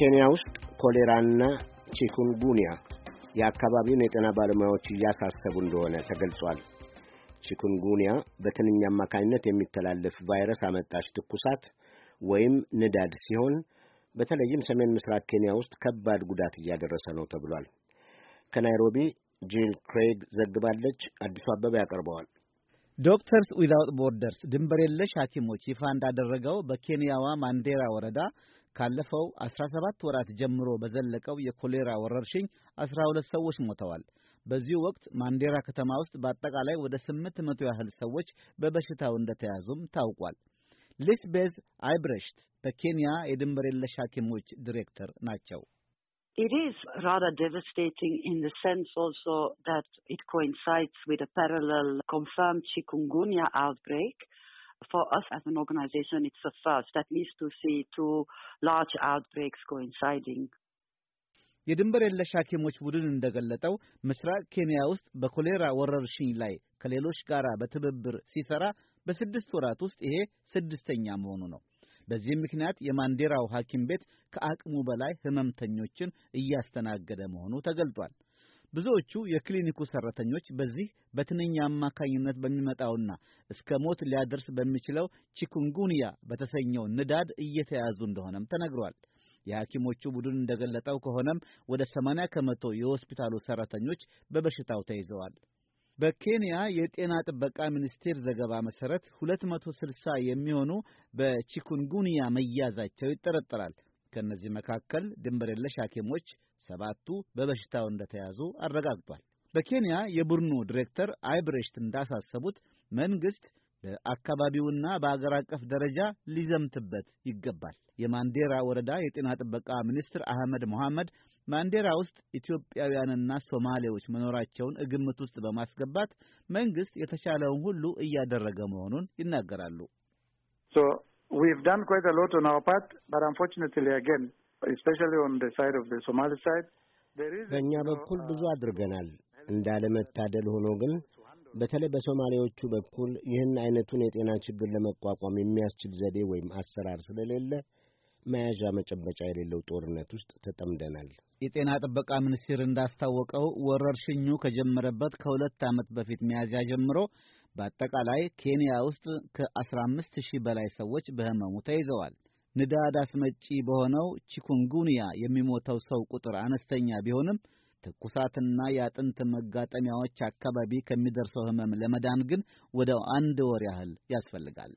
ኬንያ ውስጥ ኮሌራና ቺኩንጉኒያ የአካባቢውን የጤና ባለሙያዎች እያሳሰቡ እንደሆነ ተገልጿል። ቺኩንጉኒያ በትንኝ አማካኝነት የሚተላለፍ ቫይረስ አመጣሽ ትኩሳት ወይም ንዳድ ሲሆን በተለይም ሰሜን ምስራቅ ኬንያ ውስጥ ከባድ ጉዳት እያደረሰ ነው ተብሏል። ከናይሮቢ ጂል ክሬግ ዘግባለች። አዲሱ አበበ ያቀርበዋል። ዶክተርስ ዊዛውት ቦርደርስ ድንበር የለሽ ሐኪሞች ይፋ እንዳደረገው በኬንያዋ ማንዴራ ወረዳ ካለፈው 17 ወራት ጀምሮ በዘለቀው የኮሌራ ወረርሽኝ 12 ሰዎች ሞተዋል። በዚሁ ወቅት ማንዴራ ከተማ ውስጥ በአጠቃላይ ወደ 800 ያህል ሰዎች በበሽታው እንደተያዙም ታውቋል። ሊስቤዝ አይብረሽት በኬንያ የድንበር የለሽ ሐኪሞች ዲሬክተር ናቸው። It is rather devastating in the sense also that it coincides with a parallel confirmed chikungunya outbreak. for us as an organization, it's a first, at least to see two large outbreaks coinciding. የድንበር የለሽ ሐኪሞች ቡድን እንደገለጠው ምስራቅ ኬንያ ውስጥ በኮሌራ ወረርሽኝ ላይ ከሌሎች ጋር በትብብር ሲሰራ በስድስት ወራት ውስጥ ይሄ ስድስተኛ መሆኑ ነው። በዚህም ምክንያት የማንዴራው ሐኪም ቤት ከአቅሙ በላይ ህመምተኞችን እያስተናገደ መሆኑ ተገልጧል። ብዙዎቹ የክሊኒኩ ሰራተኞች በዚህ በትነኛ አማካኝነት በሚመጣውና እስከ ሞት ሊያደርስ በሚችለው ቺኩንጉንያ በተሰኘው ንዳድ እየተያዙ እንደሆነም ተነግሯል። የሐኪሞቹ ቡድን እንደገለጠው ከሆነም ወደ 80 ከመቶ የሆስፒታሉ ሰራተኞች በበሽታው ተይዘዋል። በኬንያ የጤና ጥበቃ ሚኒስቴር ዘገባ መሰረት 260 የሚሆኑ በቺኩንጉንያ መያዛቸው ይጠረጠራል። ከእነዚህ መካከል ድንበር የለሽ ሐኪሞች ሰባቱ በበሽታው እንደተያዙ አረጋግጧል። በኬንያ የቡድኑ ዲሬክተር አይብሬሽት እንዳሳሰቡት መንግሥት በአካባቢውና በአገር አቀፍ ደረጃ ሊዘምትበት ይገባል። የማንዴራ ወረዳ የጤና ጥበቃ ሚኒስትር አህመድ መሐመድ ማንዴራ ውስጥ ኢትዮጵያውያንና ሶማሌዎች መኖራቸውን ግምት ውስጥ በማስገባት መንግሥት የተሻለውን ሁሉ እያደረገ መሆኑን ይናገራሉ። We've done quite a lot on our part, but unfortunately, again, especially on the side of the Somali side, there is... በእኛ በኩል uh, ብዙ አድርገናል። እንዳለመታደል ሆኖ ግን በተለይ በሶማሌዎቹ በኩል ይህን አይነቱን የጤና ችግር ለመቋቋም የሚያስችል ዘዴ ወይም አሰራር ስለሌለ መያዣ መጨበጫ የሌለው ጦርነት ውስጥ ተጠምደናል። የጤና ጥበቃ ሚኒስቴር እንዳስታወቀው ወረርሽኙ ከጀመረበት ከሁለት ዓመት በፊት መያዝያ ጀምሮ በአጠቃላይ ኬንያ ውስጥ ከ15 ሺህ በላይ ሰዎች በህመሙ ተይዘዋል። ንዳድ አስመጪ በሆነው ቺኩንጉንያ የሚሞተው ሰው ቁጥር አነስተኛ ቢሆንም ትኩሳትና የአጥንት መጋጠሚያዎች አካባቢ ከሚደርሰው ህመም ለመዳን ግን ወደ አንድ ወር ያህል ያስፈልጋል።